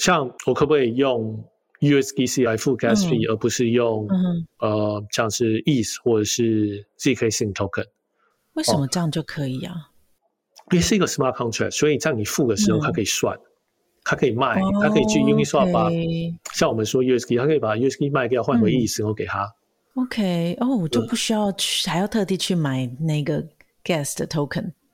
像我可不可以用 USDC 來付 gas fee，而不是用，呃，像是 EASE 或者是 ZK Sync Token，為什麼這樣就可以啊？因為是一個 smart contract，所以在你付的時候，它可以算，它可以賣，它可以去，Uniswap 把，像我們說 USDC 它可以把 USDC 賣掉，換回 EASE，我給佢。OK，哦，我就不需要去，還要特地去買那個 gas 的 token。